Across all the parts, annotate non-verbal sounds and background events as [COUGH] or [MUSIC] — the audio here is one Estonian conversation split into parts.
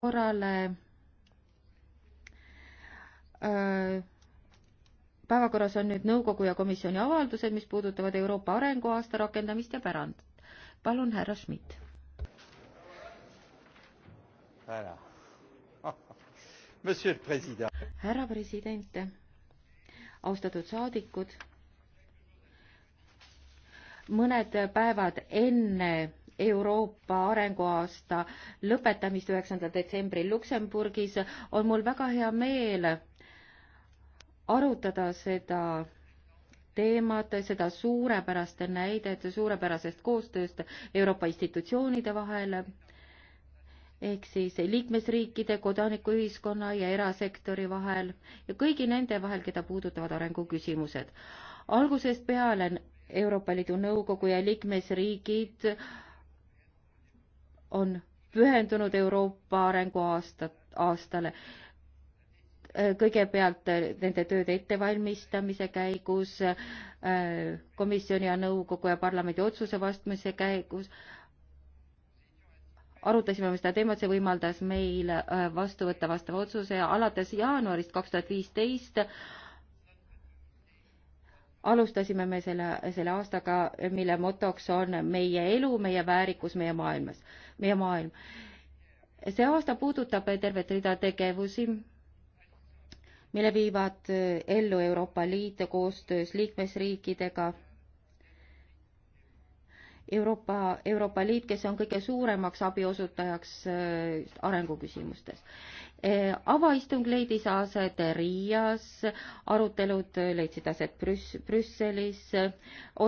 korrale päevakorras on nüüd nõukogu ja komisjoni avaldused, mis puudutavad Euroopa arenguaasta rakendamist ja pärandit. palun, härra Schmidt. [LAUGHS] härra president, austatud saadikud, mõned päevad enne Euroopa arenguaasta lõpetamist üheksandal detsembril Luksemburgis, on mul väga hea meel arutada seda teemat, seda suurepärast näidet suurepärasest koostööst Euroopa institutsioonide vahel ehk siis liikmesriikide, kodanikuühiskonna ja erasektori vahel ja kõigi nende vahel, keda puudutavad arenguküsimused. algusest peale Euroopa Liidu Nõukogu ja liikmesriigid on pühendunud Euroopa arenguaasta, aastale. kõigepealt nende tööde ettevalmistamise käigus, komisjoni ja nõukogu ja parlamendi otsuse vastmise käigus, arutasime me seda teemat, see võimaldas meil äh, vastu võtta vastava otsuse ja alates jaanuarist kaks tuhat viisteist alustasime me selle, selle aastaga, mille motoks on meie elu, meie väärikus, meie maailmas meie maailm. see aasta puudutab tervet rida tegevusi, mille viivad ellu Euroopa Liit koostöös liikmesriikidega. Euroopa, Euroopa Liit, kes on kõige suuremaks abiosutajaks äh, arenguküsimustes. Äh, avaistung leidis aset Riias, arutelud leidsid aset Brüss-, Brüsselis,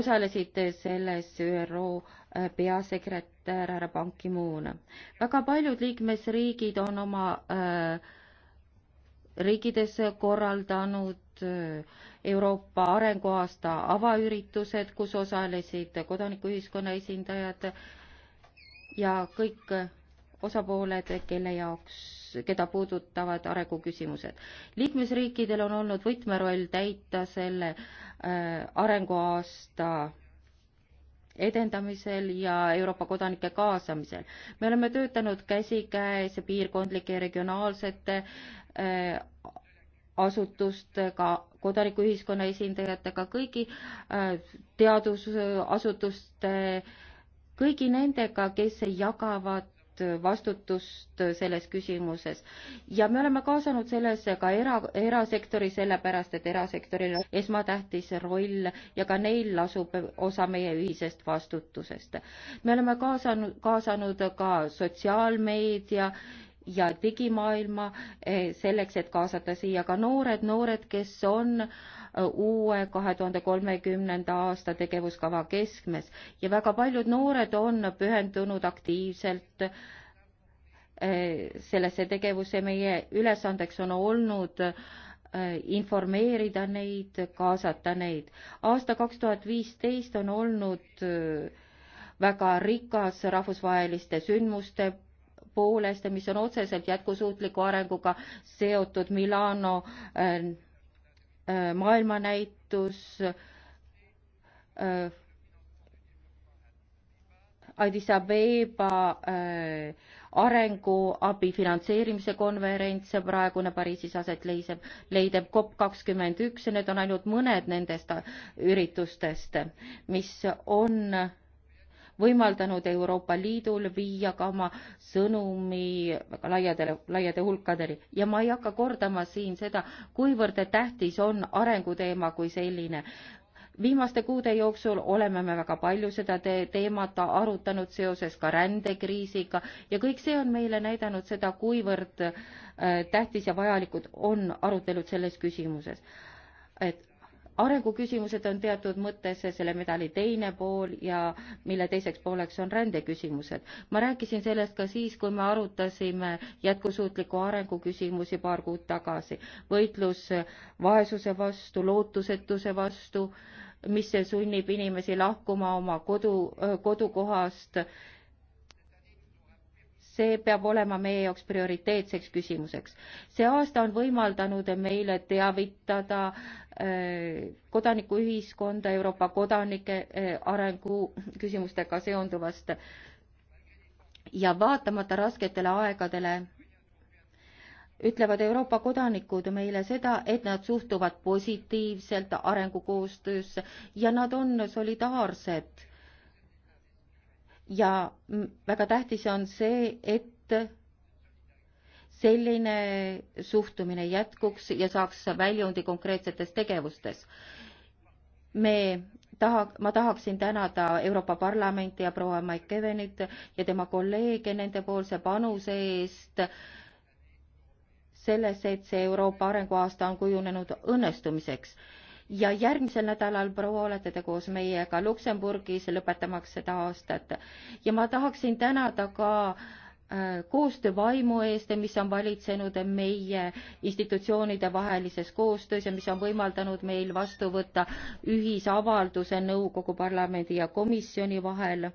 osalesid selles ÜRO peasekretär härra Ban Ki-moon. väga paljud liikmesriigid on oma äh, riikides korraldanud äh, Euroopa arenguaasta avaüritused, kus osalesid kodanikuühiskonna esindajad ja kõik osapooled, kelle jaoks, keda puudutavad arenguküsimused. liikmesriikidel on olnud võtmeroll täita selle äh, arenguaasta edendamisel ja Euroopa kodanike kaasamisel. me oleme töötanud käsikäes piirkondlike ja regionaalsete äh, asutustega, kodanikuühiskonna esindajatega, kõigi äh, teadusasutuste, kõigi nendega, kes jagavad vastutust selles küsimuses. ja me oleme kaasanud sellesse ka era, erasektori, sellepärast et erasektoril on esmatähtis roll ja ka neil lasub osa meie ühisest vastutusest. me oleme kaasanud, kaasanud ka sotsiaalmeedia ja digimaailma eh, selleks, et kaasata siia ka noored, noored, kes on äh, uue kahe tuhande kolmekümnenda aasta tegevuskava keskmes ja väga paljud noored on pühendunud aktiivselt eh, sellesse tegevusse, meie ülesandeks on olnud eh, informeerida neid, kaasata neid. aasta kaks tuhat viisteist on olnud eh, väga rikas rahvusvaheliste sündmuste poolest, mis on otseselt jätkusuutliku arenguga seotud Milano Äh, maailmanäitus äh, Addis Abeba äh, arenguabi finantseerimise konverents, praegune Pariisis aset leiseb, leideb COP kakskümmend üks ja need on ainult mõned nendest üritustest, mis on võimaldanud Euroopa Liidul viia ka oma sõnumi väga laiadele, laiade hulkadeni ja ma ei hakka kordama siin seda, kuivõrd tähtis on arenguteema kui selline viimaste kuude jooksul oleme me väga palju seda te teemat arutanud seoses ka rändekriisiga ja kõik see on meile näidanud seda, kuivõrd äh, tähtis ja vajalikud on arutelud selles küsimuses. et arenguküsimused on teatud mõttes selle medali teine pool ja mille teiseks pooleks on rändeküsimused. ma rääkisin sellest ka siis, kui me arutasime jätkusuutliku arengu küsimusi paar kuud tagasi. võitlus vaesuse vastu, lootusetuse vastu, mis sunnib inimesi lahkuma oma kodu, kodukohast see peab olema meie jaoks prioriteetseks küsimuseks. see aasta on võimaldanud meile teavitada äh, kodanikuühiskonda, Euroopa kodanike äh, arengu küsimustega seonduvast ja vaatamata rasketele aegadele ütlevad Euroopa kodanikud meile seda, et nad suhtuvad positiivselt arengukoostöösse ja nad on solidaarsed ja väga tähtis on see, et selline suhtumine jätkuks ja saaks väljundi konkreetsetes tegevustes. me taha, ma tahaksin tänada Euroopa Parlamenti ja proua Mike Kevenit ja tema kolleege nendepoolse panuse eest sellesse, et see Euroopa arenguaasta on kujunenud õnnestumiseks ja järgmisel nädalal, proua, olete te koos meiega Luksemburgis, lõpetamaks seda aastat. ja ma tahaksin tänada ka äh, koostöövaimu eest, mis on valitsenud meie institutsioonide vahelises koostöös ja mis on võimaldanud meil vastu võtta ühisavalduse nõukogu, parlamendi ja komisjoni vahel.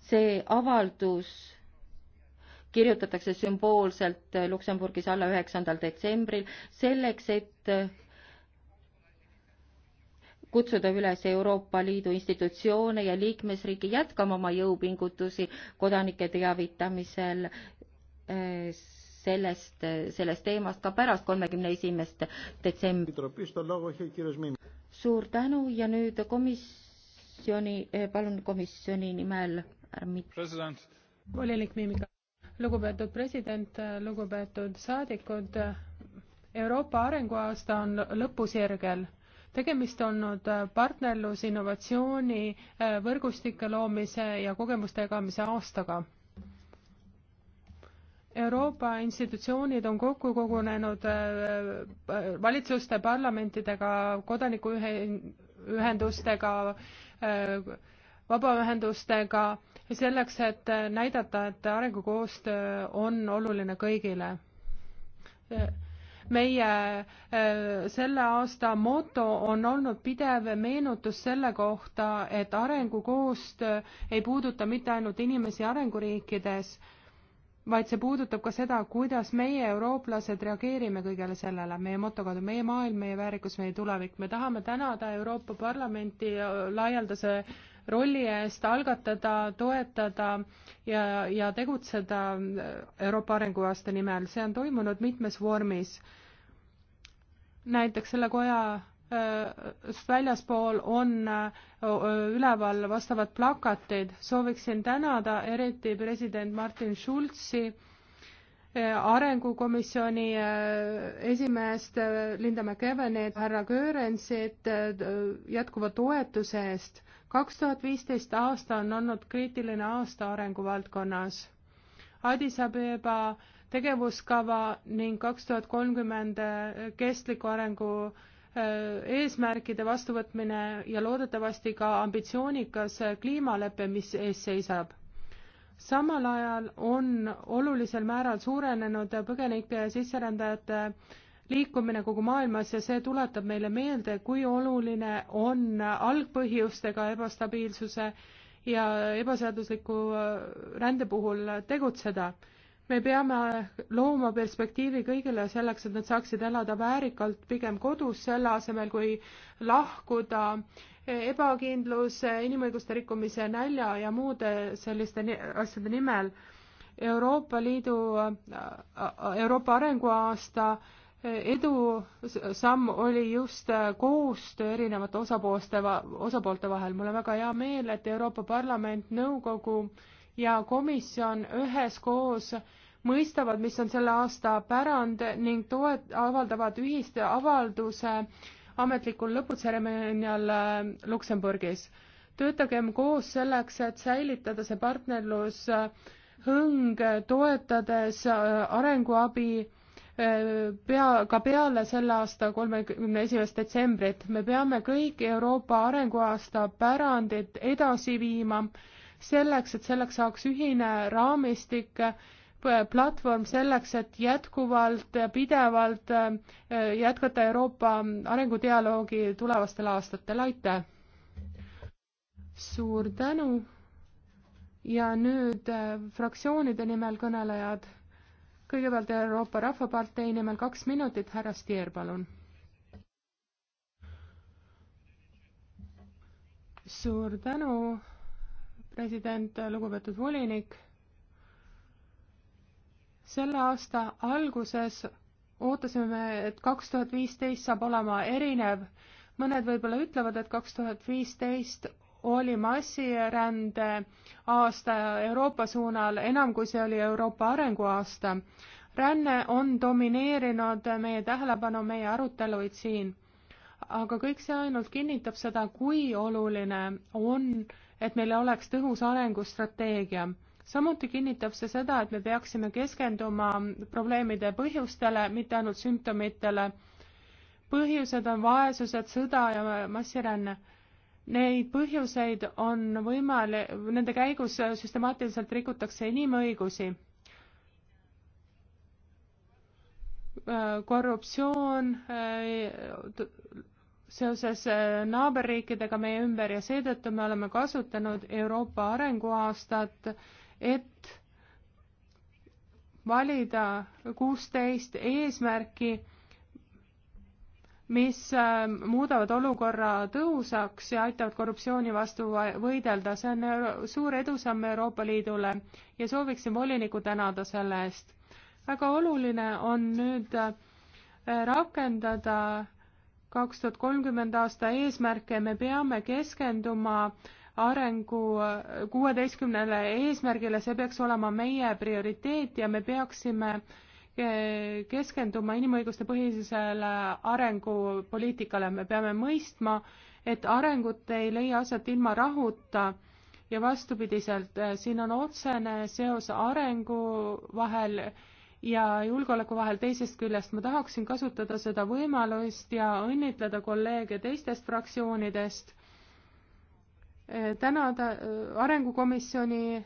see avaldus kirjutatakse sümboolselt Luksemburgis alla üheksandal detsembril selleks, et kutsuda üles Euroopa Liidu institutsioone ja liikmesriike jätkama oma jõupingutusi kodanike teavitamisel eh, sellest, sellest teemast ka pärast kolmekümne esimest detsembrit. suur tänu ja nüüd komisjoni, eh, palun komisjoni nimel. president. volinik Miimika. lugupeetud president, lugupeetud saadikud. Euroopa arenguaasta on lõpusirgel tegemist olnud äh, partnerlus, innovatsiooni, äh, võrgustike loomise ja kogemuste jagamise aastaga. Euroopa institutsioonid on kokku kogunenud äh, valitsuste, parlamentidega, kodanikuühendustega, vabaühendustega, selleks, et näidata, et arengukoostöö on oluline kõigile meie äh, selle aasta moto on olnud pidev meenutus selle kohta, et arengukoostöö ei puuduta mitte ainult inimesi arenguriikides, vaid see puudutab ka seda, kuidas meie, eurooplased, reageerime kõigele sellele. meie motokord on meie maailm, meie väärikus, meie tulevik. me tahame tänada Euroopa Parlamenti laialdase rolli eest algatada, toetada ja, ja tegutseda Euroopa arenguaasta nimel. see on toimunud mitmes vormis. näiteks selle koja äh, väljaspool on äh, üleval vastavad plakatid. sooviksin tänada eriti president Martin Schulzi arengukomisjoni äh, esimeest äh, Linda McEvenit, härra Göransit äh, jätkuva toetuse eest. kaks tuhat viisteist aasta on olnud kriitiline aasta arenguvaldkonnas. Addis Abeba tegevuskava ning kaks tuhat kolmkümmend kestliku arengu eesmärkide vastuvõtmine ja loodetavasti ka ambitsioonikas kliimalepe, mis ees seisab samal ajal on olulisel määral suurenenud põgenike ja sisserändajate liikumine kogu maailmas ja see tuletab meile meelde, kui oluline on algpõhjustega ebastabiilsuse ja ebaseadusliku äh, rände puhul tegutseda. me peame looma perspektiivi kõigile selleks, et nad saaksid elada väärikalt pigem kodus, selle asemel kui lahkuda ebakindlus, inimõiguste rikkumise nälja ja muude selliste asjade nimel. Euroopa Liidu, Euroopa arenguaasta edusamm oli just koostöö erinevate osapoolte, osapoolte vahel. mul on väga hea meel, et Euroopa Parlament, nõukogu ja komisjon üheskoos mõistavad, mis on selle aasta pärand ning toet-, avaldavad ühist avalduse äh, ametlikul lõputseremoonial äh, Luksemburgis. töötagem koos selleks, et säilitada see partnerlus äh, hõng, toetades äh, arenguabi pea, ka peale selle aasta kolmekümne esimest detsembrit. me peame kõik Euroopa arenguaasta pärandid edasi viima selleks, et selleks saaks ühine raamistik platvorm selleks, et jätkuvalt, pidevalt äh, jätkata Euroopa arengudialoogi tulevastel aastatel, aitäh! suur tänu ja nüüd äh, fraktsioonide nimel kõnelejad. kõigepealt Euroopa Rahvapartei nimel kaks minutit, härra Stier, palun. suur tänu, president, lugupeetud volinik selle aasta alguses ootasime me, et kaks tuhat viisteist saab olema erinev. mõned võib-olla ütlevad, et kaks tuhat viisteist oli massirände aasta Euroopa suunal enam, kui see oli Euroopa arenguaasta. ränne on domineerinud meie tähelepanu, meie aruteluid siin. aga kõik see ainult kinnitab seda, kui oluline on, et meil oleks tõhus arengustrateegia samuti kinnitab see seda, et me peaksime keskenduma probleemide põhjustele, mitte ainult sümptomitele. põhjused on vaesused, sõda ja massiränne. Neid põhjuseid on võimalik, nende käigus süstemaatiliselt rikutakse inimõigusi. korruptsioon eh, seoses eh, naaberriikidega meie ümber ja seetõttu me oleme kasutanud Euroopa arenguaastat et valida kuusteist eesmärki, mis ähm, muudavad olukorra tõhusaks ja aitavad korruptsiooni vastu võidelda. see on suur edusamm Euroopa Liidule ja sooviksin volinikku tänada selle eest. väga oluline on nüüd äh, rakendada kaks tuhat kolmkümmend aasta eesmärke, me peame keskenduma äh, arengu äh, kuueteistkümnele eesmärgile, see peaks olema meie prioriteet ja me peaksime äh, keskenduma inimõiguste põhisele arengupoliitikale, me peame mõistma, et arengut ei leia aset ilma rahuta ja vastupidiselt, äh, siin on otsene seos arengu vahel ja julgeoleku vahel teisest küljest ma tahaksin kasutada seda võimalust ja õnnitleda kolleege teistest fraktsioonidest Eh, tänada eh, Arengukomisjoni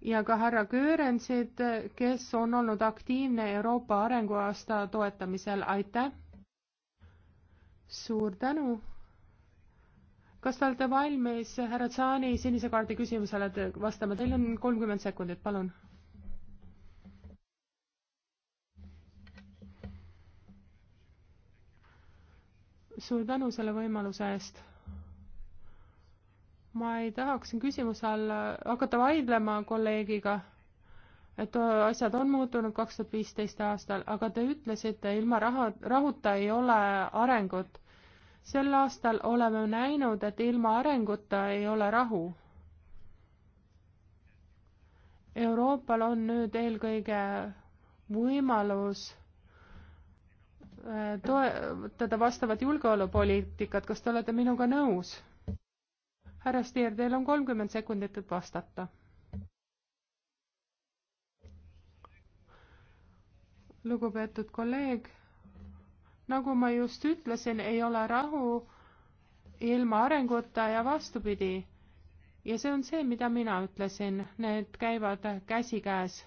ja ka härra Göransit, kes on olnud aktiivne Euroopa arenguaasta toetamisel, aitäh! suur tänu! kas te olete valmis härra Tsaani sinise kaardi küsimusele vastama, teil on kolmkümmend sekundit, palun suur tänu selle võimaluse eest ma ei tahaks siin küsimuse alla hakata vaidlema kolleegiga, et asjad on muutunud kaks tuhat viisteist aastal, aga te ütlesite, ilma raha, rahuta ei ole arengut. sel aastal oleme näinud, et ilma arenguta ei ole rahu. Euroopal on nüüd eelkõige võimalus eh, toetada vastavat julgeolupoliitikat, kas te olete minuga nõus? härra Stier, teil on kolmkümmend sekundit, et vastata. lugupeetud kolleeg, nagu ma just ütlesin, ei ole rahu ilma arenguta ja vastupidi. ja see on see, mida mina ütlesin, need käivad käsikäes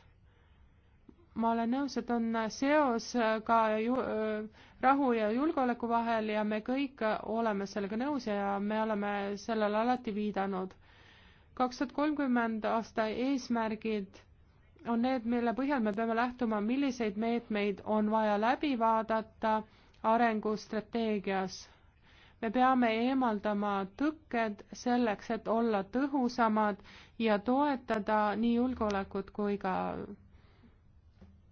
ma olen nõus, et on seos ka ju, rahu ja julgeoleku vahel ja me kõik oleme sellega nõus ja me oleme sellele alati viidanud. kaks tuhat kolmkümmend aasta eesmärgid on need, mille põhjal me peame lähtuma, milliseid meetmeid on vaja läbi vaadata arengustrateegias. me peame eemaldama tõkked selleks, et olla tõhusamad ja toetada nii julgeolekut kui ka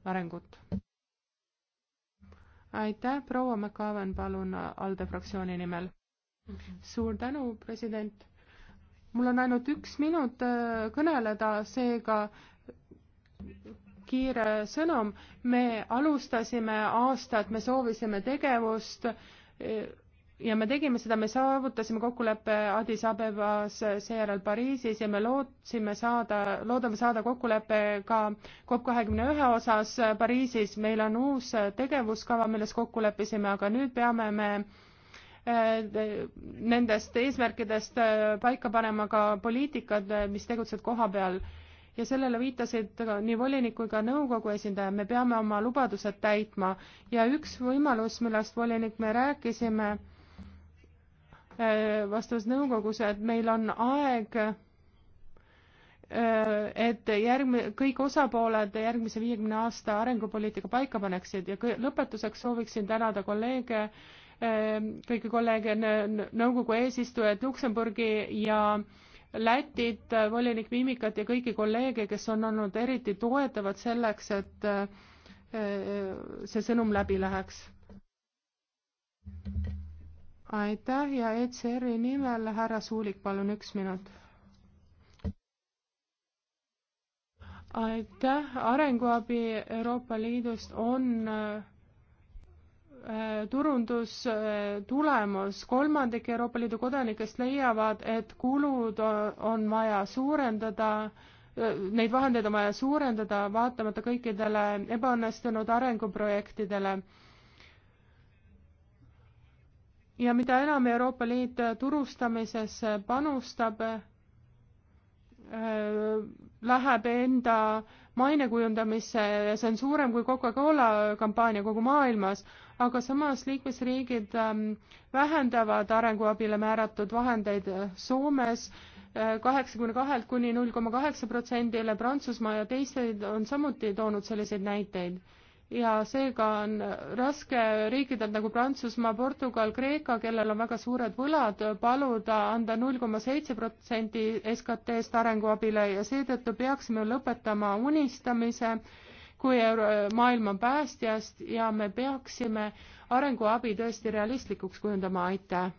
arengut. aitäh, proua McCaven, palun ALDE fraktsiooni nimel. suur tänu, president. mul on ainult üks minut äh, kõneleda, seega kiire sõnum. me alustasime aastat, me soovisime tegevust äh, ja me tegime seda, me saavutasime kokkuleppe Addis Abebas, seejärel Pariisis ja me lootsime saada, loodame saada kokkuleppe ka COP kahekümne ühe osas Pariisis. meil on uus tegevuskava, milles kokku leppisime, aga nüüd peame me eh, nendest eesmärkidest eh, paika panema ka poliitikad, eh, mis tegutsevad koha peal. ja sellele viitasid nii volinik kui ka nõukogu esindaja, me peame oma lubadused täitma ja üks võimalus, millest volinik me rääkisime, Äh, vastavas nõukogus, et meil on aeg, äh, et järgmine, kõik osapooled järgmise viiekümne aasta arengupoliitika paika paneksid ja lõpetuseks sooviksin tänada kolleege, äh, kõiki kolleege, nõukogu eesistujad, Luksemburgi ja Lätit, volinik Mimikat ja kõiki kolleege, kes on olnud eriti toetavad selleks, et see sõnum läbi läheks aitäh ja ECR-i nimel härra Suulik, palun üks minut. aitäh, arenguabi Euroopa Liidust on äh, turundustulemus, äh, kolmandik Euroopa Liidu kodanikest leiavad, et kulud on vaja suurendada, äh, neid vahendeid on vaja suurendada, vaatamata kõikidele ebaõnnestunud arenguprojektidele ja mida enam Euroopa Liit turustamisesse panustab, äh, läheb enda maine kujundamisse ja see on suurem kui Coca-Cola kampaania kogu maailmas, aga samas liikmesriigid ähm, vähendavad arenguabile määratud vahendeid Soomes äh, kaheksakümne kahelt kuni null koma kaheksa protsendile, Prantsusmaa ja teised on samuti toonud selliseid näiteid ja seega on raske riikidel nagu Prantsusmaa, Portugal, Kreeka, kellel on väga suured võlad, paluda anda null koma seitse protsenti SKT-st arenguabile ja seetõttu peaksime lõpetama unistamise kui maailma päästjast ja me peaksime arenguabi tõesti realistlikuks kujundama, aitäh!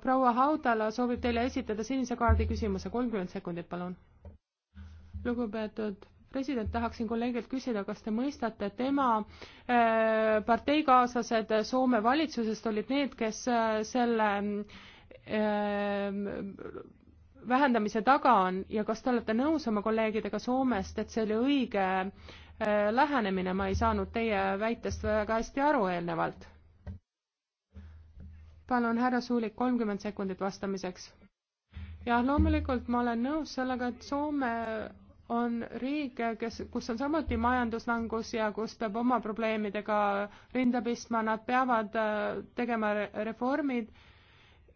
proua Haudala soovib teile esitada sinise kaardi küsimuse, kolmkümmend sekundit, palun lugupeetud president, tahaksin kolleegilt küsida, kas te mõistate, tema äh, parteikaaslased Soome valitsusest olid need, kes äh, selle äh, vähendamise taga on ja kas te olete nõus oma kolleegidega Soomest, et see oli õige lähenemine, ma ei saanud teie väitest väga hästi aru eelnevalt. palun, härra Suulik, kolmkümmend sekundit vastamiseks. jah, loomulikult ma olen nõus sellega, et Soome on riike, kes, kus on samuti majanduslangus ja kus peab oma probleemidega rinda pistma, nad peavad äh, tegema reformid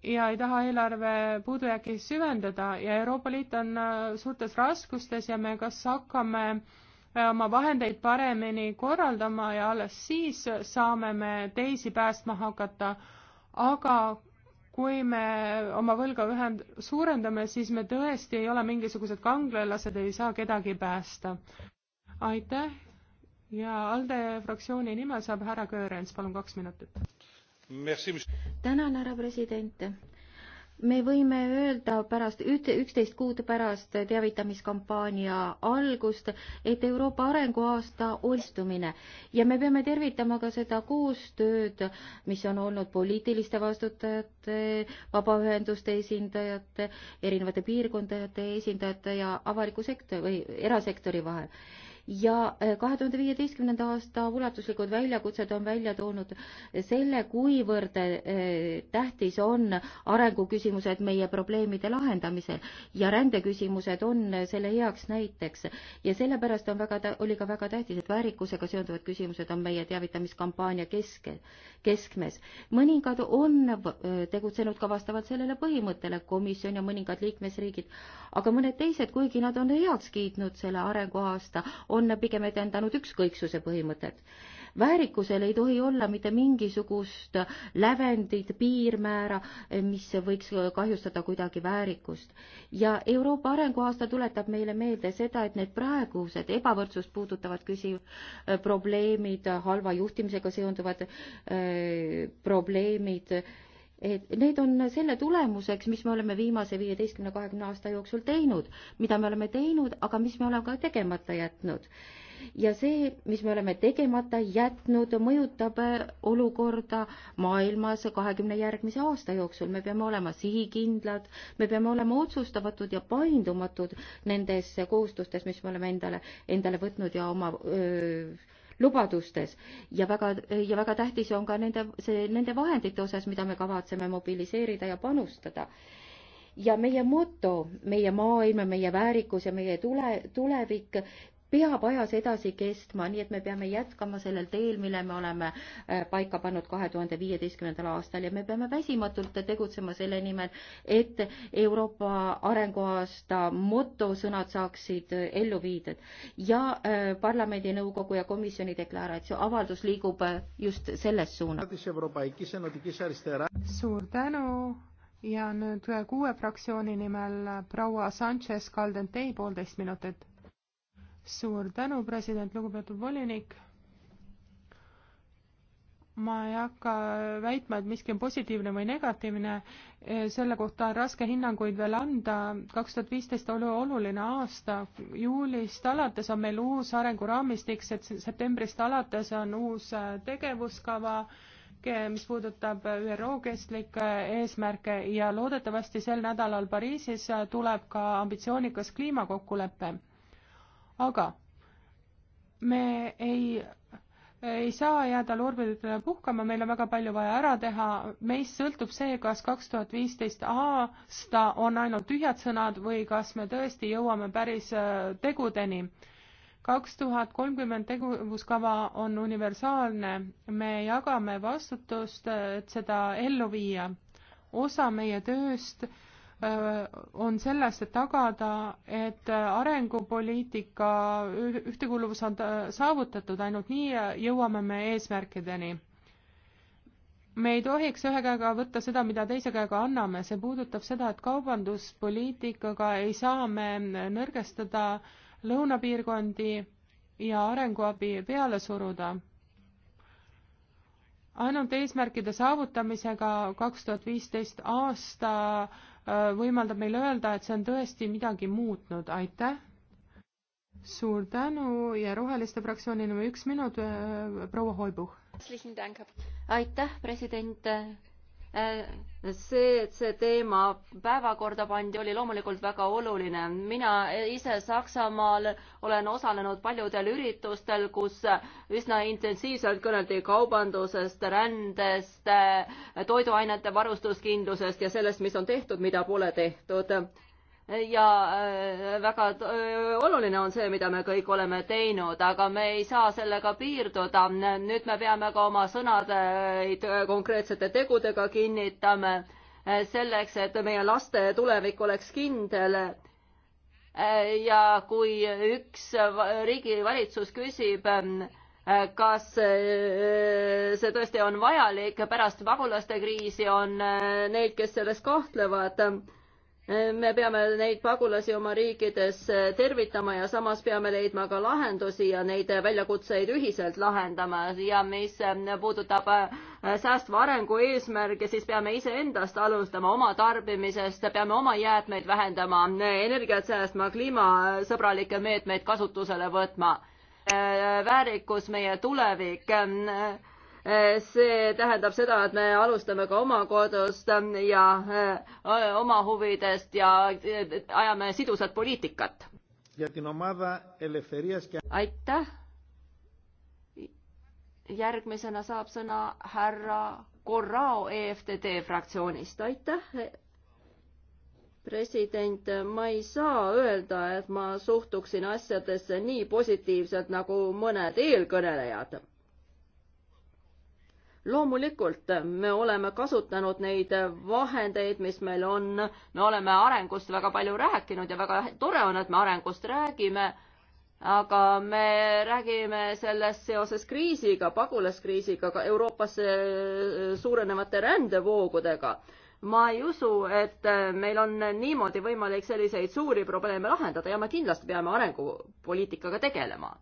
ja ei taha eelarve puudujääki süvendada ja Euroopa Liit on äh, suurtes raskustes ja me kas hakkame äh, oma vahendeid paremini korraldama ja alles siis saame me teisi päästma hakata. aga kui me oma võlga ühend-, suurendame, siis me tõesti ei ole mingisugused kanglelased, ei saa kedagi päästa. aitäh ja ALDE fraktsiooni nimel saab härra Köörens, palun kaks minutit. tänan, härra president me võime öelda pärast üht, üksteist kuud pärast teavitamiskampaania algust, et Euroopa arenguaasta ostumine ja me peame tervitama ka seda koostööd, mis on olnud poliitiliste vastutajate, vabaühenduste esindajate, erinevate piirkondade esindajate ja avaliku sektori või erasektori vahel ja äh, kahe tuhande viieteistkümnenda aasta ulatuslikud väljakutsed on välja toonud selle, kuivõrd äh, tähtis on arenguküsimused meie probleemide lahendamisel ja rändeküsimused on selle heaks näiteks. ja sellepärast on väga, oli ka väga tähtis, et väärikusega seonduvad küsimused on meie teavitamiskampaania keskel keskmes. mõningad on äh, tegutsenud ka vastavalt sellele põhimõttele, komisjon ja mõningad liikmesriigid, aga mõned teised, kuigi nad on heaks kiitnud selle arenguaasta, on pigem edendanud ükskõiksuse põhimõtet väärikusel ei tohi olla mitte mingisugust lävendit, piirmäära, mis võiks kahjustada kuidagi väärikust. ja Euroopa arenguaasta tuletab meile meelde seda, et need praegused ebavõrdsust puudutavad küsi-, probleemid, halva juhtimisega seonduvad öö, äh, probleemid, et need on selle tulemuseks, mis me oleme viimase viieteistkümne, kahekümne aasta jooksul teinud, mida me oleme teinud, aga mis me oleme ka tegemata jätnud ja see, mis me oleme tegemata jätnud, mõjutab olukorda maailmas kahekümne järgmise aasta jooksul. me peame olema sihikindlad, me peame olema otsustavatud ja paindumatud nendes kohustustes, mis me oleme endale, endale võtnud ja oma öö, lubadustes ja väga, ja väga tähtis on ka nende, see, nende vahendite osas, mida me kavatseme mobiliseerida ja panustada ja meie moto, meie maailm, meie väärikus ja meie tule, tulevik, peab ajas edasi kestma, nii et me peame jätkama sellel teel, mille me oleme äh, paika pannud kahe tuhande viieteistkümnendal aastal ja me peame väsimatult tegutsema selle nimel, et Euroopa arenguaasta motosõnad saaksid äh, ellu viidud. ja äh, parlamendi, nõukogu ja komisjoni deklaratsioon, avaldus liigub just selles suunas. suur tänu ja nüüd kuue fraktsiooni nimel proua Sanchez Caldentei poolteist minutit suur tänu, president, lugupeetud volinik. ma ei hakka väitma, et miski on positiivne või negatiivne, e, selle kohta on raske hinnanguid veel anda, kaks tuhat viisteist oli oluline aasta, juulist alates on meil uus arenguraamistik, septembrist alates on uus e, tegevuskava mis puudutab e, ÜRO kestlikke eesmärke ja loodetavasti sel nädalal Pariisis tuleb ka ambitsioonikas kliimakokkulepe aga me ei, ei saa jääda loorberitele puhkama, meil on väga palju vaja ära teha, meist sõltub see, kas kaks tuhat viisteist aasta on ainult tühjad sõnad või kas me tõesti jõuame päris äh, tegudeni. kaks tuhat kolmkümmend tegevuskava on universaalne, me jagame vastutust, et seda ellu viia. osa meie tööst äh, Äh, on selles, et tagada, et arengupoliitika ühtekuuluvus on saavutatud, ainult nii jõuame me eesmärkideni. me ei tohiks ühe käega võtta seda, mida teise käega anname, see puudutab seda, et kaubanduspoliitikaga ei saa me nõrgestada lõunapiirkondi ja arenguabi peale suruda ainult eesmärkide saavutamisega kaks tuhat viisteist aasta Äh, võimaldab meil öelda, et see on tõesti midagi muutnud, aitäh. suur tänu ja Roheliste fraktsiooni number üks minut, äh, proua Hoibuh. aitäh, president äh, Äh, see, et see teema päevakorda pandi, oli loomulikult väga oluline. mina ise Saksamaal olen osalenud paljudel üritustel, kus üsna intensiivselt kõneldi kaubandusest, rändest, toiduainete varustuskindlusest ja sellest, mis on tehtud, mida pole tehtud ja äh, väga äh, oluline on see, mida me kõik oleme teinud, aga me ei saa sellega piirduda. nüüd me peame ka oma sõnadeid äh, konkreetsete tegudega kinnitama selleks, et meie laste tulevik oleks kindel. ja kui üks riigivalitsus küsib, kas see tõesti on vajalik, pärast pagulaste kriisi on neid, kes selles kahtlevad me peame neid pagulasi oma riikides tervitama ja samas peame leidma ka lahendusi ja neid väljakutseid ühiselt lahendama ja mis puudutab äh, säästva arengu eesmärge, siis peame iseendast alustama, oma tarbimisest, peame oma jäätmeid vähendama, energiat säästma, kliimasõbralikke meetmeid kasutusele võtma. Äh, väärikus, meie tulevik äh, Eh, see tähendab seda, et me alustame ka oma kodust eh, ja eh, oma huvidest ja ajame sidusat poliitikat. aitäh. järgmisena saab sõna härra Corrao EFTD fraktsioonist, aitäh president, ma ei saa öelda, et ma suhtuksin asjadesse nii positiivselt nagu mõned eelkõnelejad loomulikult eh, me oleme kasutanud neid eh, vahendeid, mis meil on, me oleme arengust väga palju rääkinud ja väga tore on, et me arengust räägime, aga me räägime sellest seoses kriisiga, pagulaskriisiga, ka Euroopasse eh, suurenevate rändevoogudega ma ei usu, et meil on niimoodi võimalik selliseid suuri probleeme lahendada ja me kindlasti peame arengupoliitikaga tegelema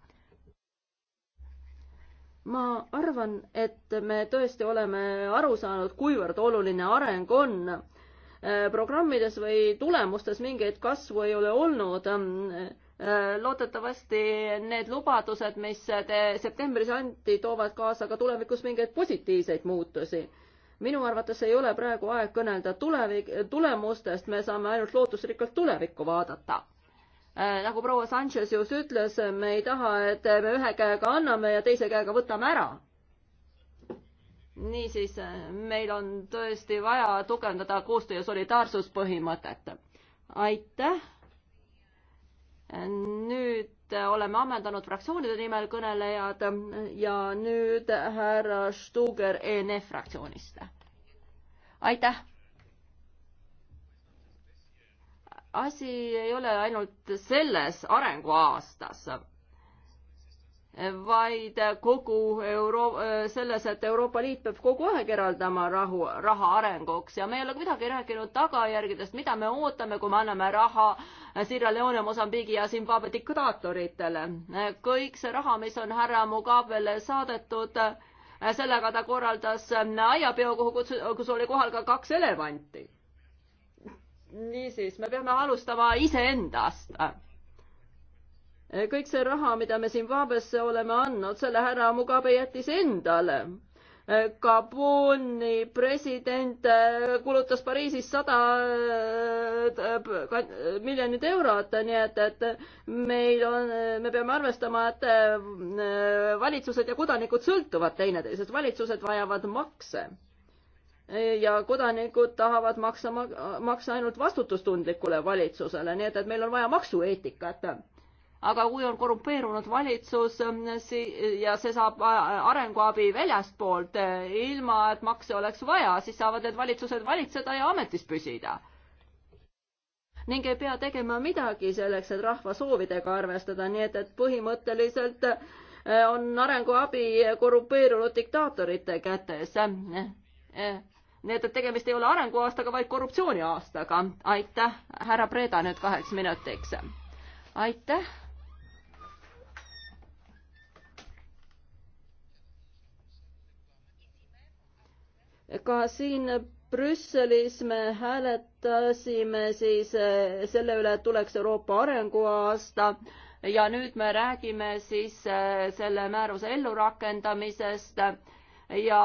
ma arvan, et me tõesti oleme aru saanud, kuivõrd oluline areng on. Äh, programmides või tulemustes mingeid kasvu ei ole olnud. Äh, loodetavasti need lubadused, mis te septembris anti, toovad kaasa ka tulevikus mingeid positiivseid muutusi minu arvates ei ole praegu aeg kõnelda tulevik, tulemustest, me saame ainult lootusrikkalt tulevikku vaadata Äh, nagu proua Sanchez just ütles, me ei taha, et me ühe käega anname ja teise käega võtame ära. niisiis, meil on tõesti vaja tugevdada koostöö ja solidaarsuspõhimõtet. aitäh. nüüd oleme ammendanud fraktsioonide nimel kõnelejad ja nüüd härra Stuger ENF fraktsioonist. aitäh asi ei ole ainult selles arenguaastas, vaid kogu euro-, selles, et Euroopa Liit peab kogu aeg eraldama rahu, raha arenguks ja me ei ole midagi rääkinud tagajärgedest, mida me ootame, kui me anname raha Sierra Leone, Mosambiigi ja Zimbabwe diktaatoritele. kõik see raha, mis on härra Mugabele saadetud, sellega ta korraldas aiapeo, kuhu kutsu-, kus oli kohal ka kaks elevanti niisiis, me peame alustama iseendast. kõik see raha, mida me Zimbabwesse oleme andnud, selle härra Mugabe jättis endale. Gaboni president kulutas Pariisis sada äh, miljonit eurot, nii et, et meil on, me peame arvestama, et äh, valitsused ja kodanikud sõltuvad teineteisest, valitsused vajavad makse ja kodanikud tahavad maksa, maksa ainult vastutustundlikule valitsusele, nii et, et meil on vaja maksueetikat. aga kui on korrumpeerunud valitsus mm, si- ja see saab arenguabi väljastpoolt, ilma et makse oleks vaja, siis saavad need valitsused valitseda ja ametis püsida. ning ei pea tegema midagi selleks, et rahva soovidega arvestada, nii et, et põhimõtteliselt eh, on arenguabi korrumpeerunud diktaatorite kätes eh, eh, nii et, et tegemist ei ole arenguaastaga, vaid korruptsiooniaastaga. aitäh, härra Preda nüüd kaheks minutiks. aitäh. ka siin Brüsselis me hääletasime siis eh, selle üle, et tuleks Euroopa arenguaasta ja nüüd me räägime siis eh, selle määruse ellurakendamisest ja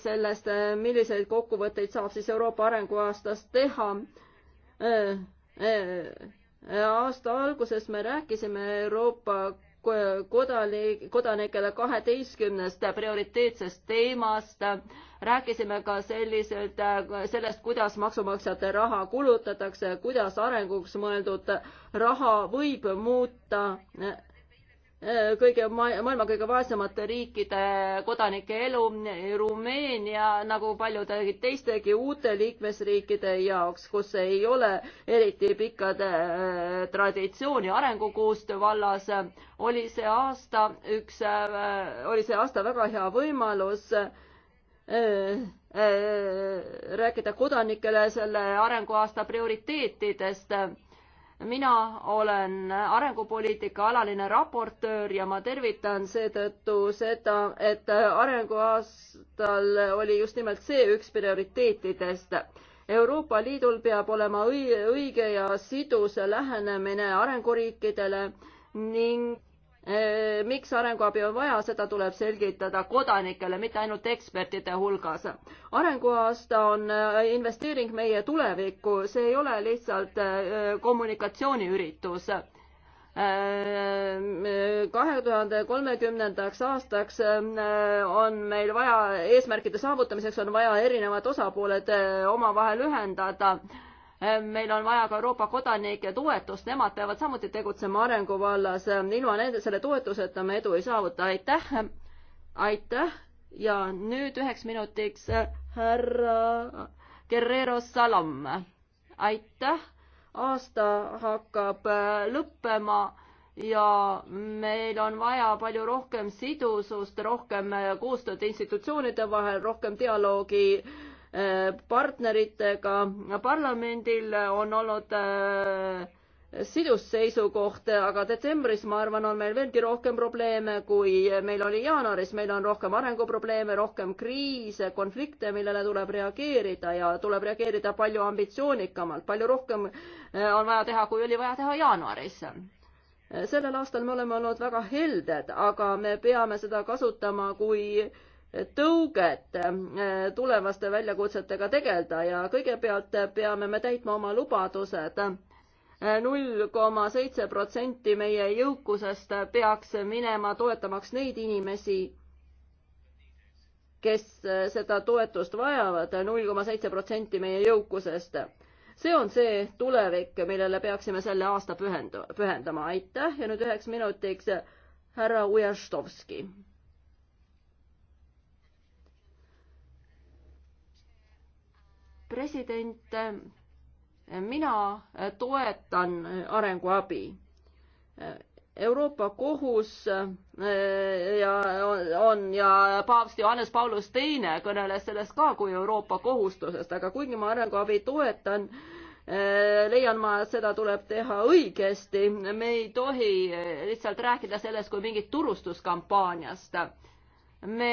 sellest, milliseid kokkuvõtteid saab siis Euroopa arenguaastast teha. aasta alguses me rääkisime Euroopa kodanik, kodanikele kaheteistkümnest prioriteetsest teemast. rääkisime ka selliselt, sellest, kuidas maksumaksjate raha kulutatakse, kuidas arenguks mõeldud raha võib muuta Äh, kõige ma-, maailma kõige vaesemate riikide kodanike elu, Rumeenia nagu paljude teistegi uute liikmesriikide jaoks, kus ei ole eriti pikka äh, traditsiooni arengukoostöö vallas, oli see aasta üks, äh, oli see aasta väga hea võimalus rääkida kodanikele selle arenguaasta prioriteetidest mina olen arengupoliitika alaline raportöör ja ma tervitan seetõttu seda, et arenguaastal oli just nimelt see üks prioriteetidest. Euroopa Liidul peab olema õige ja sidus lähenemine arenguriikidele ning Eh, miks arenguabi on vaja, seda tuleb selgitada kodanikele, mitte ainult ekspertide hulgas. arenguaasta on eh, investeering meie tulevikku, see ei ole lihtsalt eh, kommunikatsiooniüritus kahe tuhande kolmekümnendaks aastaks on meil vaja, eesmärkide saavutamiseks on vaja erinevad osapooled omavahel ühendada meil on vaja ka Euroopa kodanike toetust, nemad peavad samuti tegutsema arengu vallas. ilma nende, selle toetuseta me edu ei saavuta. aitäh, aitäh ja nüüd üheks minutiks härra Guerrero Salam. aitäh, aasta hakkab äh, lõppema ja meil on vaja palju rohkem sidusust, rohkem äh, koostööd institutsioonide vahel, rohkem dialoogi äh, Äh, partneritega. parlamendil on olnud äh, sidus seisukoht, aga detsembris, ma arvan, on meil veelgi rohkem probleeme, kui meil oli jaanuaris. meil on rohkem arenguprobleeme, rohkem kriise, konflikte, millele tuleb reageerida ja tuleb reageerida palju ambitsioonikamalt, palju rohkem äh, on vaja teha, kui oli vaja teha jaanuaris sellel aastal me oleme olnud väga helded, aga me peame seda kasutama kui tõuget äh, tulevaste väljakutsetega tegeleda ja kõigepealt peame me täitma oma lubadused. null koma seitse protsenti meie jõukusest peaks minema toetamaks neid inimesi, kes äh, seda toetust vajavad, null koma seitse protsenti meie jõukusest. see on see tulevik, millele peaksime selle aasta pühendu-, pühendama. aitäh ja nüüd üheks minutiks härra Ujaštovski president, mina toetan arenguabi. Euroopa Kohus eh, ja on ja paavst Johannes Paulus Teine kõneles sellest ka kui Euroopa kohustusest, aga kuigi ma arenguabi toetan, eh, leian ma, et seda tuleb teha õigesti, me ei tohi lihtsalt rääkida sellest kui mingit turustuskampaaniast. me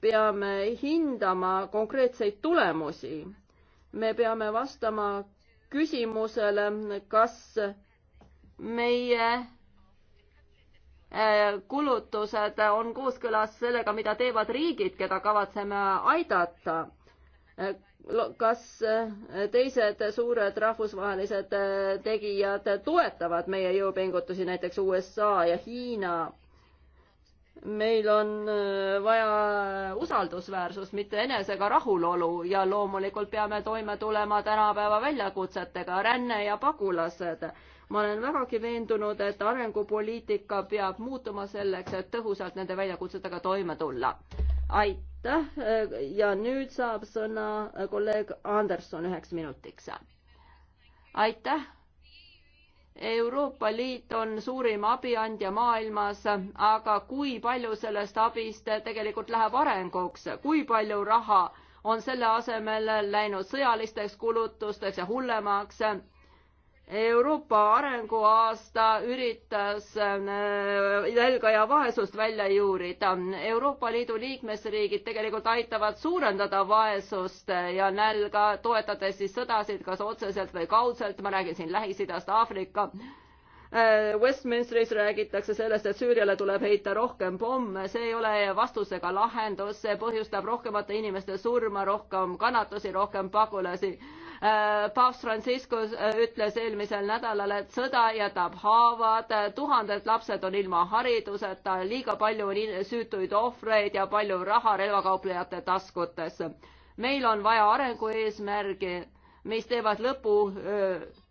peame hindama konkreetseid tulemusi. me peame vastama küsimusele, kas meie äh, kulutused on kooskõlas sellega, mida teevad riigid, keda kavatseme aidata. Äh, kas äh, teised suured rahvusvahelised tegijad toetavad meie jõupingutusi, näiteks USA ja Hiina? meil on äh, vaja usaldusväärsust, mitte enesega rahulolu ja loomulikult peame toime tulema tänapäeva väljakutsetega, ränne ja pagulased. ma olen vägagi veendunud, et arengupoliitika peab muutuma selleks, et tõhusalt nende väljakutsetega toime tulla. aitäh ja nüüd saab sõna kolleeg Anderson üheks minutiks. aitäh Euroopa Liit on suurim abiandja maailmas, aga kui palju sellest abist tegelikult läheb arenguks, kui palju raha on selle asemel läinud sõjalisteks kulutusteks ja hullemaks Euroopa arenguaasta üritas nälga äh, ja vaesust välja juurida. Euroopa Liidu liikmesriigid tegelikult aitavad suurendada vaesust ja nälga, toetades siis sõdasid kas otseselt või kaudselt, ma räägin siin Lähis-Idast, Aafrika. Äh, Westminsteris räägitakse sellest, et Süüriale tuleb heita rohkem pomme, see ei ole vastusega lahendus, see põhjustab rohkemate inimeste surma, rohkem kannatusi, rohkem pagulasi Äh, paavst Franciscus äh, ütles eelmisel nädalal, et sõda jätab haavad, äh, tuhanded lapsed on ilma hariduseta, liiga palju on süütuid ohvreid ja palju raha relvakauplejate taskutes. meil on vaja arengueesmärgi, mis teevad lõpu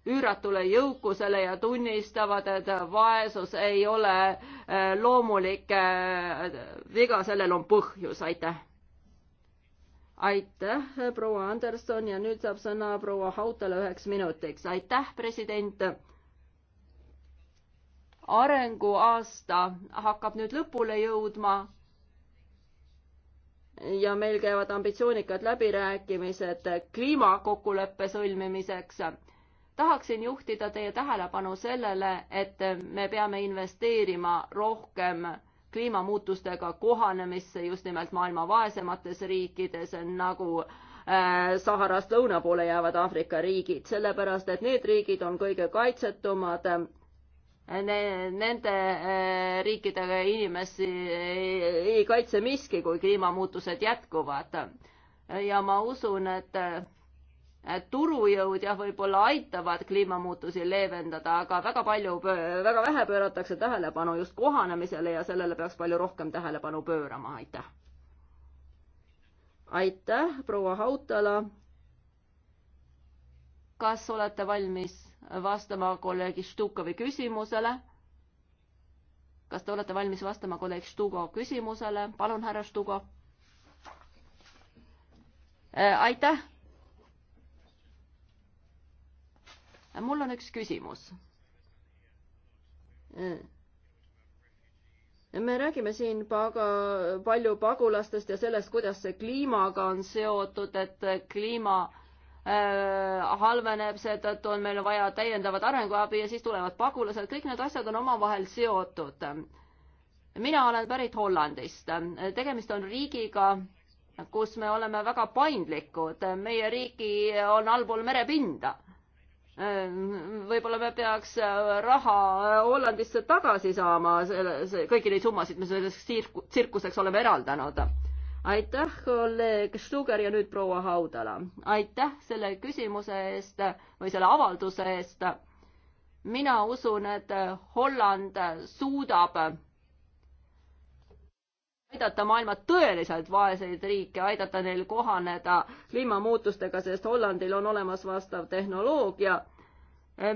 üüratule jõukusele ja tunnistavad, et vaesus ei ole loomulik viga, sellel on põhjus, aitäh aitäh, proua Anderson ja nüüd saab sõna proua Hautale üheks minutiks. aitäh, president. arenguaasta hakkab nüüd lõpule jõudma. ja meil käivad ambitsioonikad läbirääkimised kliimakokkuleppe sõlmimiseks. tahaksin juhtida teie tähelepanu sellele, et me peame investeerima rohkem kliimamuutustega kohanemisse just nimelt maailma vaesemates riikides nagu äh, Saharast lõuna poole jäävad Aafrika riigid, sellepärast et need riigid on kõige kaitsetumad ne,. Nende äh, riikidega inimesi ei, ei kaitse miski, kui kliimamuutused jätkuvad. ja ma usun, et äh, turujõud jah, võib-olla aitavad kliimamuutusi leevendada, aga väga palju, väga vähe pööratakse tähelepanu just kohanemisele ja sellele peaks palju rohkem tähelepanu pöörama, aitäh. aitäh, proua Hautala. kas olete valmis vastama kolleeg Štukovi küsimusele? kas te olete valmis vastama kolleeg Štugo küsimusele? palun, härra Štugo. Äh, aitäh mul on üks küsimus. me räägime siin paga, palju pagulastest ja sellest, kuidas see kliimaga on seotud, et kliima äh, halveneb, seetõttu on meil vaja täiendavat arenguabi ja siis tulevad pagulased, kõik need asjad on omavahel seotud. mina olen pärit Hollandist, tegemist on riigiga, kus me oleme väga paindlikud, meie riiki on allpool merepinda võib-olla me peaks äh, raha äh, Hollandisse tagasi saama, selle, kõiki neid summasid, mis selleks tsirku-, tsirkuseks oleme eraldanud. aitäh, kolleeg Stuger ja nüüd proua Haudala. aitäh selle küsimuse eest või selle avalduse eest. mina usun, et Holland suudab aidata maailma tõeliselt vaeseid riike, aidata neil kohaneda kliimamuutustega, sest Hollandil on olemas vastav tehnoloogia.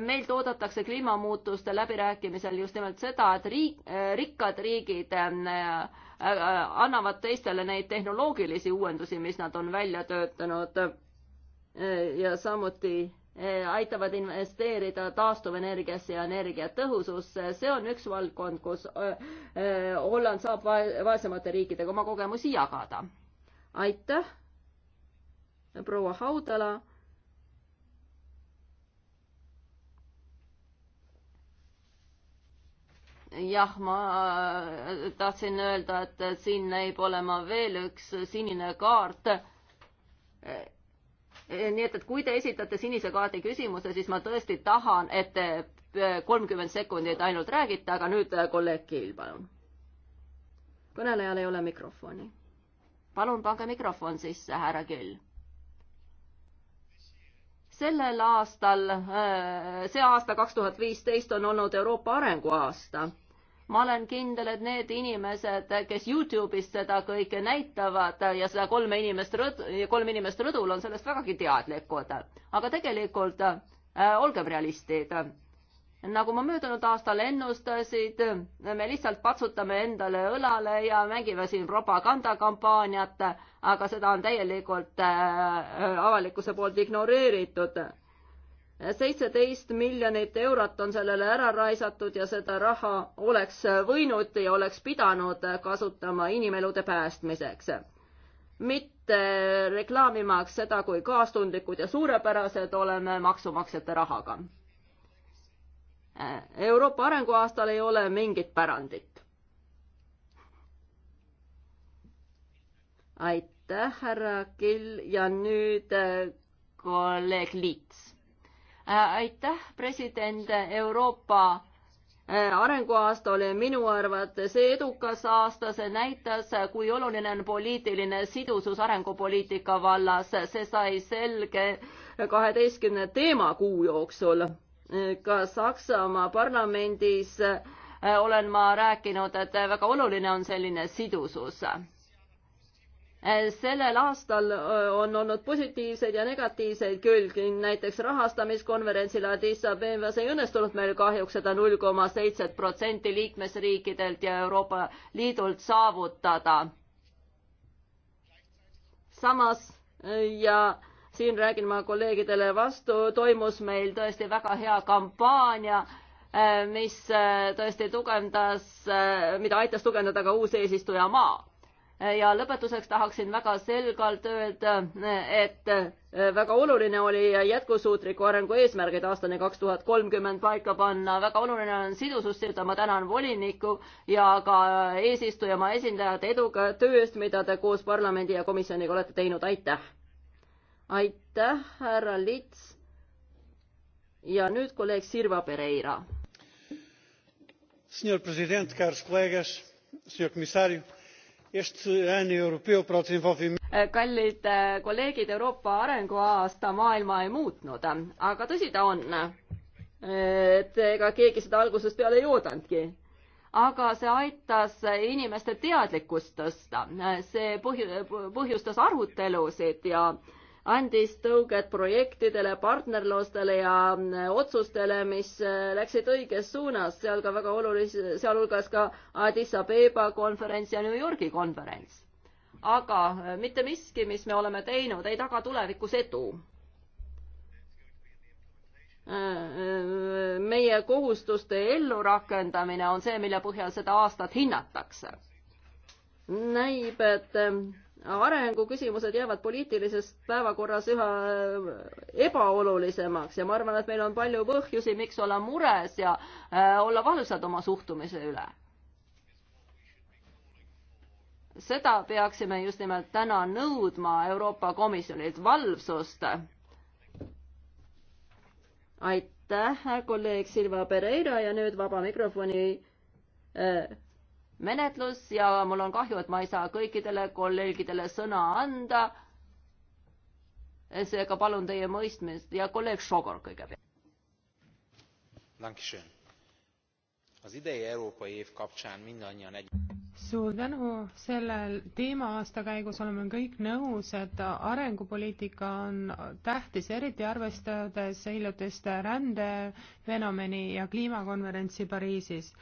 meilt oodatakse kliimamuutuste läbirääkimisel just nimelt seda, et riik, rikkad riigid äh, äh, annavad teistele neid tehnoloogilisi uuendusi, mis nad on välja töötanud äh, ja samuti Eh, aitavad investeerida taastuvenergiasse ja energiatõhususse, see on üks valdkond, kus eh, eh, Holland saab vaesemate riikidega oma kogemusi jagada. aitäh, proua Haudala jah, ma tahtsin öelda, et siin näib olema veel üks sinine kaart nii et, et kui te esitate sinise kaardi küsimuse, siis ma tõesti tahan, et te äh, kolmkümmend sekundit ainult räägite, aga nüüd äh, kolleeg Kiil, palun. kõnelejal ei ole mikrofoni. palun pange mikrofon sisse, härra Kiil. sellel aastal, äh, see aasta kaks tuhat viisteist on olnud Euroopa arenguaasta ma olen kindel, et need inimesed, kes Youtube'is seda kõike näitavad ja seda kolme inimest rõd-, kolm inimest rõdul on sellest vägagi teadlikud. aga tegelikult äh, olgem realistid. nagu ma möödunud aastal ennustasid, me lihtsalt patsutame endale õlale ja mängime siin propagandakampaaniat, aga seda on täielikult äh, äh avalikkuse poolt ignoreeritud seitseteist miljonit eurot on sellele ära raisatud ja seda raha oleks võinud ja oleks pidanud kasutama inimelude päästmiseks. mitte reklaamimaks seda, kui kaastundlikud ja suurepärased oleme maksumaksjate rahaga. Euroopa arenguaastal ei ole mingit pärandit. aitäh, härra Kill ja nüüd eh, kolleeg Liits Äh, aitäh, president, Euroopa äh, arenguaasta oli minu arvates edukas aasta, see näitas, kui oluline on poliitiline sidusus arengupoliitika vallas, see sai selge kaheteistkümne teemakuu jooksul. Äh, ka Saksamaa parlamendis olen ma rääkinud, et väga oluline on selline sidusus Eh, sellel aastal eh, on olnud positiivseid ja negatiivseid külgi, näiteks rahastamiskonverentsil Addis Abebas ei õnnestunud meil kahjuks seda null koma seitset protsenti liikmesriikidelt ja Euroopa Liidult saavutada. samas eh, ja siin räägin ma kolleegidele vastu, toimus meil tõesti väga hea kampaania mis tõesti tugevdas, mida aitas tugevdada ka uus eesistujamaa ja lõpetuseks tahaksin väga selgelt öelda, et eh, väga oluline oli jätkusuutliku arengu eesmärgid aastani kaks tuhat kolmkümmend paika panna, väga oluline on sidusus siirda, ma tänan volinikku ja ka eesistuja, oma esindajate eduka töö eest, mida te koos parlamendi ja komisjoniga olete teinud, aitäh! aitäh, härra Lits! ja nüüd kolleeg Sirva Pereira. Senhor president, caros colegas, senhor comissário Äh, kallid äh, kolleegid, Euroopa arenguaasta maailma ei muutnud, aga tõsi ta on, äh, et ega keegi seda algusest peale ei oodanudki aga see aitas inimeste teadlikkust tõsta, see põhju-, põhjustas arutelusid ja äh, andis tõuget projektidele, partnerlustele ja äh, otsustele, mis äh, läksid õiges suunas, seal ka väga olulise, sealhulgas ka Addis Abeba konverents ja New Yorgi konverents. aga äh, mitte miski, mis me oleme teinud, ei taga tulevikus edu meie kohustuste ellurakendamine on see, mille põhjal seda aastat hinnatakse. näib, et arenguküsimused jäävad poliitilises päevakorras üha äh, ebaolulisemaks ja ma arvan, et meil on palju põhjusi, miks olla mures ja äh, olla valusad oma suhtumise üle. seda peaksime just nimelt täna nõudma Euroopa Komisjonilt, valvsust. aitäh, kolleeg Silva Pereira ja nüüd vaba mikrofoni äh, menetlus ja mul on kahju, et ma ei saa kõikidele kolleegidele sõna anda. seega palun teie mõistmist ja kolleeg Šogor kõigepealt. Az idei európai év kapcsán mindannyian egy... Suur tänu, sellel teema-aasta käigus oleme kõik nõus, et arengupoliitika on tähtis, eriti arvestades hiljutist rändefenomeni ja kliimakonverentsi Pariisis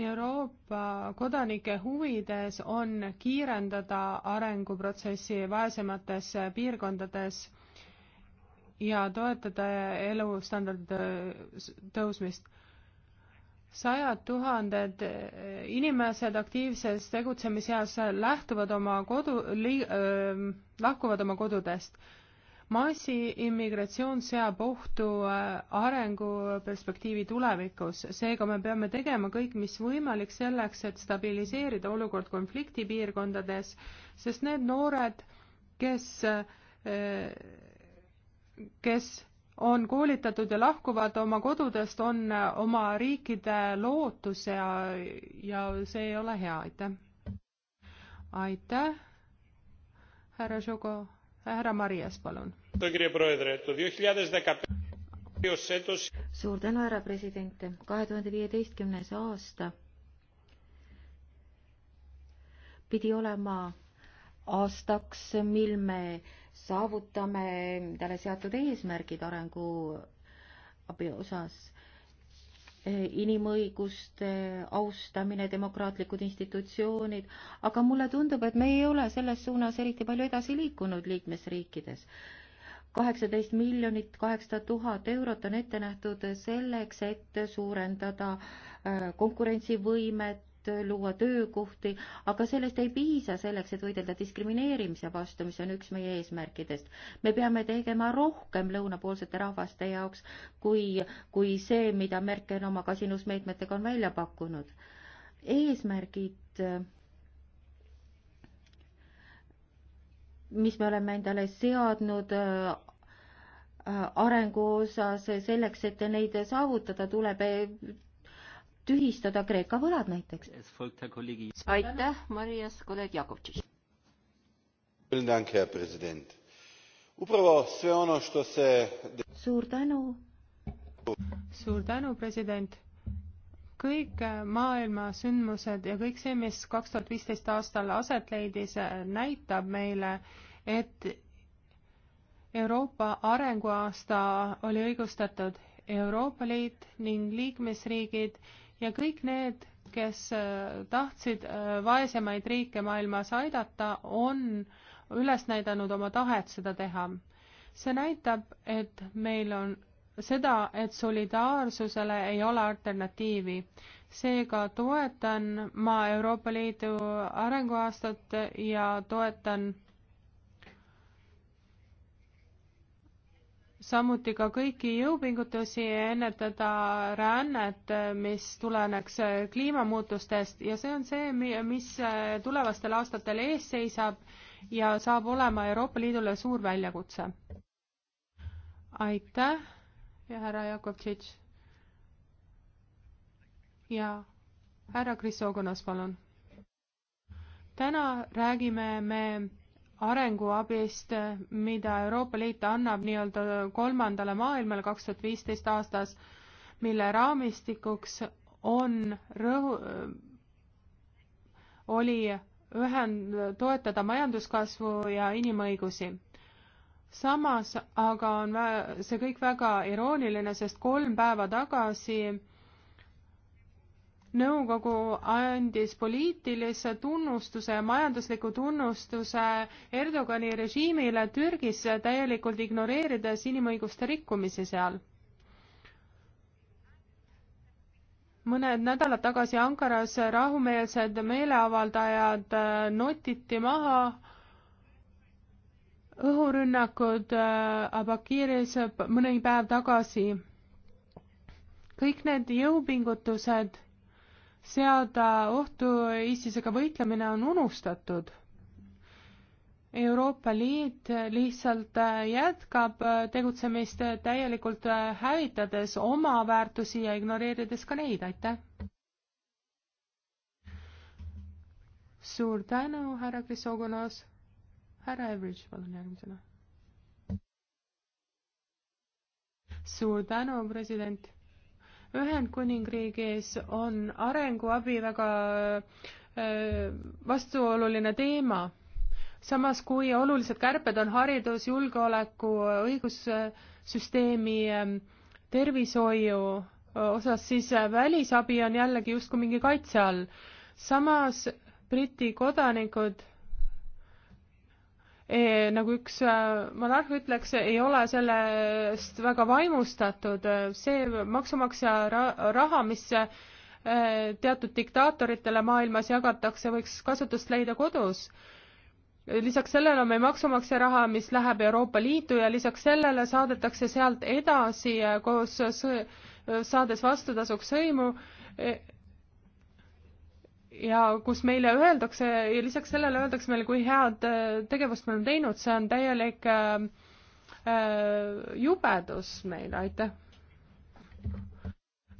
Euroopa kodanike huvides on kiirendada arenguprotsessi vaesemates piirkondades ja toetada elustandardite tõusmist. sajad tuhanded inimesed aktiivses tegutsemiseas lähtuvad oma kodu, lahkuvad oma kodudest massiimmigratsioon seab ohtu äh, arenguperspektiivi tulevikus, seega me peame tegema kõik, mis võimalik selleks, et stabiliseerida olukord konfliktipiirkondades, sest need noored, kes, äh, kes on koolitatud ja lahkuvad oma kodudest, on äh, oma riikide lootus ja, ja see ei ole hea, aitäh. aitäh, härra Žugo härra Marias, palun. suur tänu, härra president. kahe tuhande viieteistkümnes aasta pidi olema aastaks, mil me saavutame endale seatud eesmärgid arenguabi osas inimõiguste austamine, demokraatlikud institutsioonid, aga mulle tundub, et me ei ole selles suunas eriti palju edasi liikunud liikmesriikides. kaheksateist miljonit kaheksasada tuhat eurot on ette nähtud selleks, et suurendada äh, konkurentsivõimet, luua töökohti, aga sellest ei piisa selleks, et võidelda diskrimineerimise vastu, mis on üks meie eesmärkidest. me peame tegema rohkem lõunapoolsete rahvaste jaoks, kui, kui see, mida Merkel oma kasinusmeetmetega on välja pakkunud. eesmärgid mis me oleme endale seadnud äh, arengu osas selleks, et neid saavutada, tuleb tühistada Kreeka võlad näiteks. aitäh, Marias, kolleeg Jakovtšitš. suur tänu. suur tänu, president kõik äh, maailma sündmused ja kõik see, mis kaks tuhat viisteist aastal aset leidis, äh, näitab meile, et Euroopa arenguaasta oli õigustatud. Euroopa Liit ning liikmesriigid ja kõik need, kes äh, tahtsid äh, vaesemaid riike maailmas aidata, on üles näidanud oma tahet seda teha. see näitab, et meil on seda, et solidaarsusele ei ole alternatiivi. seega toetan ma Euroopa Liidu arenguaastat ja toetan samuti ka kõiki jõupingutusi ennetada rännet, mis tuleneks kliimamuutustest ja see on see, mis äh, tulevastel aastatel ees seisab ja saab olema Euroopa Liidule suur väljakutse. aitäh ja härra Jakovtšitš. ja härra Krisogonas, palun. täna räägime me arenguabist, mida Euroopa Liit annab nii-öelda kolmandale maailmale kaks tuhat viisteist aastas, mille raamistikuks on rõhu, oli ühend, toetada majanduskasvu ja inimõigusi. samas aga on see kõik väga irooniline, sest kolm päeva tagasi nõukogu andis poliitilise tunnustuse ja majandusliku tunnustuse Erdogani režiimile Türgis, täielikult ignoreerides inimõiguste rikkumisi seal. mõned nädalad tagasi Ankaras rahumeelsed meeleavaldajad äh, notiti maha õhurünnakud äh, Abakiris mõni päev tagasi. kõik need jõupingutused seada ohtu ISISega võitlemine on unustatud. Euroopa Liit lihtsalt jätkab tegutsemist täielikult hävitades oma väärtusi ja ignoreerides ka neid, aitäh! suur tänu, härra Krisogonos. härra Everidž, palun järgmisena. suur tänu, president Ühendkuningriigis on arenguabi väga äh, vastuoluline teema. samas, kui olulised kärped on haridus, julgeoleku, õigussüsteemi, ähm, tervishoiu äh, osas, siis äh, välisabi on jällegi justkui mingi kaitse all. samas Briti kodanikud Eh, nagu üks äh, monarh ütleks, ei ole sellest väga vaimustatud. see maksumaksja raha, mis äh, teatud diktaatoritele maailmas jagatakse, võiks kasutust leida kodus. lisaks sellele on meil maksumaksja raha, mis läheb Euroopa Liitu ja lisaks sellele saadetakse sealt edasi äh, koos saades vastutasuks sõimu eh, ja kus meile öeldakse ja lisaks sellele öeldakse meile, kui head äh, tegevust me oleme teinud, see on täielik äh, äh jubedus meile, aitäh.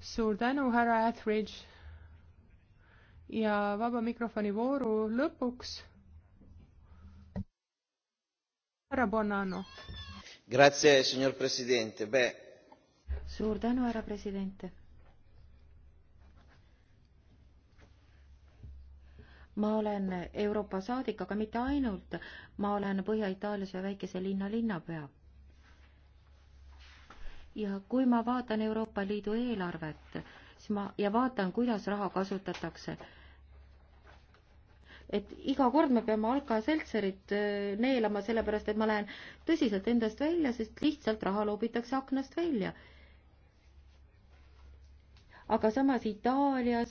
suur tänu, härra Etheridge. ja vaba mikrofoni vooru lõpuks. härra Bonanno. Grazie, signor presidente, suur tänu, härra president ma olen Euroopa saadik, aga mitte ainult, ma olen Põhja-Itaalias ühe väikese linna linnapea. ja kui ma vaatan Euroopa Liidu eelarvet, siis ma, ja vaatan, kuidas raha kasutatakse, et iga kord me peame Alka Seltserit äh, neelama, sellepärast et ma lähen tõsiselt endast välja, sest lihtsalt raha loobitakse aknast välja aga samas Itaalias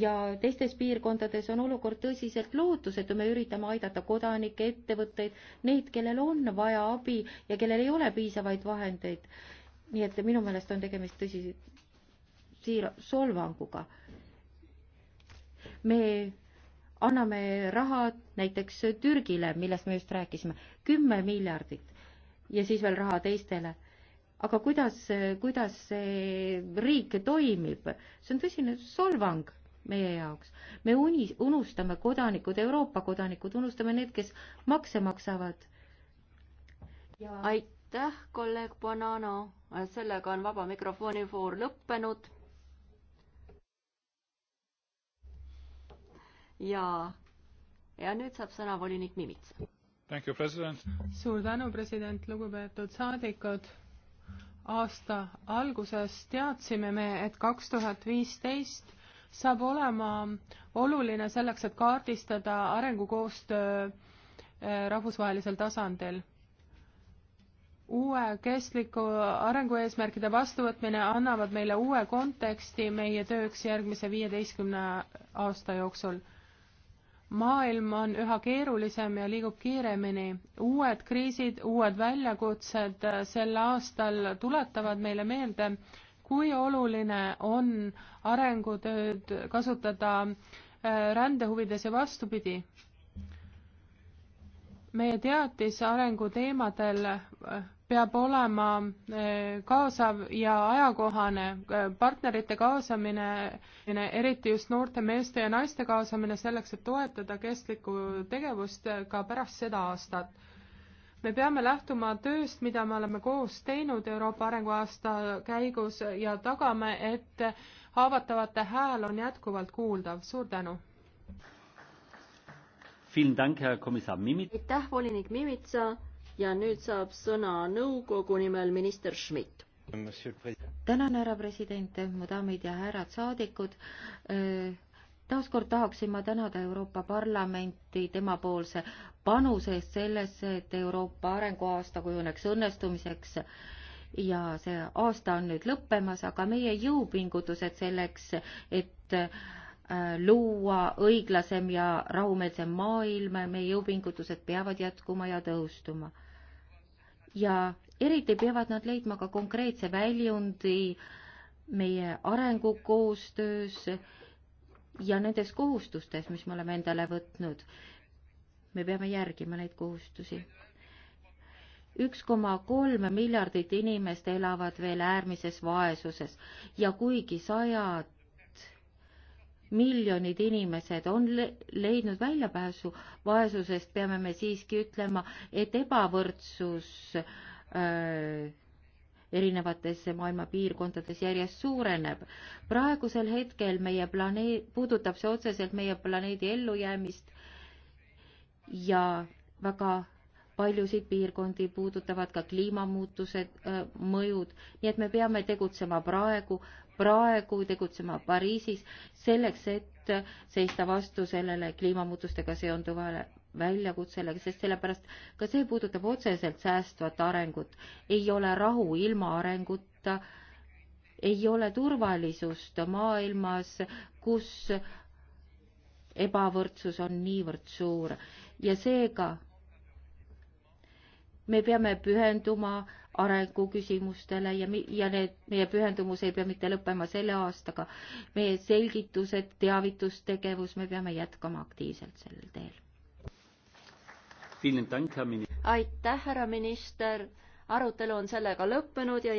ja teistes piirkondades on olukord tõsiselt lootusetu, me üritame aidata kodanikke, ettevõtteid, neid, kellel on vaja abi ja kellel ei ole piisavaid vahendeid. nii et minu meelest on tegemist tõsise siira solvanguga. me anname raha näiteks Türgile, millest me just rääkisime, kümme miljardit ja siis veel raha teistele aga kuidas, kuidas see riik toimib, see on tõsine solvang meie jaoks. me uni-, unustame kodanikud, Euroopa kodanikud, unustame need, kes makse maksavad ja.... aitäh, kolleeg Bonanno, sellega on vaba mikrofoni voor lõppenud. ja, ja nüüd saab sõna volinik Mimitsa. suur tänu, president, lugupeetud saadikud aasta alguses teadsime me, et kaks tuhat viisteist saab olema oluline selleks, et kaardistada arengukoostöö äh, rahvusvahelisel tasandil. uue kestliku arengueesmärkide vastuvõtmine annavad meile uue konteksti meie tööks järgmise viieteistkümne aasta jooksul maailm on üha keerulisem ja liigub kiiremini. uued kriisid, uued väljakutsed äh, sel aastal tuletavad meile meelde, kui oluline on arengutööd kasutada äh, rände huvides ja vastupidi. meie teatis arenguteemadel äh, peab olema eh, kaasav ja ajakohane. Eh, partnerite kaasamine, eh, eriti just noorte meeste ja naiste kaasamine selleks, et toetada kestlikku tegevust ka pärast seda aastat. me peame lähtuma tööst, mida me oleme koos teinud Euroopa arenguaasta käigus ja tagame, et haavatavate hääl on jätkuvalt kuuldav. suur tänu! aitäh, volinik Mimitsa! ja nüüd saab sõna nõukogu nimel minister Schmidt. tänan, härra president, mu daamid ja härrad saadikud. Äh, taaskord tahaksin ma tänada Euroopa Parlamenti temapoolse panuse eest sellesse, et Euroopa arenguaasta kujuneks õnnestumiseks ja see aasta on nüüd lõppemas, aga meie jõupingutused selleks, et Äh, luua õiglasem ja rahumeelsem maailm, meie jõupingutused peavad jätkuma ja tõhustuma. ja eriti peavad nad leidma ka konkreetse väljundi meie arengukoostöös ja nendes kohustustes, mis me oleme endale võtnud. me peame järgima neid kohustusi. üks koma kolm miljardit inimest elavad veel äärmises vaesuses ja kuigi sajad miljonid inimesed on le leidnud väljapääsu vaesusest, peame me siiski ütlema, et ebavõrdsus öö, äh, erinevates maailma piirkondades järjest suureneb. praegusel hetkel meie planee-, puudutab see otseselt meie planeedi ellujäämist ja väga paljusid piirkondi puudutavad ka kliimamuutused, äh, mõjud, nii et me peame tegutsema praegu, praegu tegutsema Pariisis selleks, et seista vastu sellele kliimamuutustega seonduvale väljakutsele, sest sellepärast ka see puudutab otseselt säästvat arengut. ei ole rahu ilma arenguta, ei ole turvalisust maailmas, kus ebavõrdsus on niivõrd suur ja seega me peame pühenduma arenguküsimustele ja, ja need, meie pühendumus ei pea mitte lõppema selle aastaga. meie selgitused, teavitustegevus, me peame jätkama aktiivselt sellel teel. aitäh, härra minister, arutelu on sellega lõppenud ja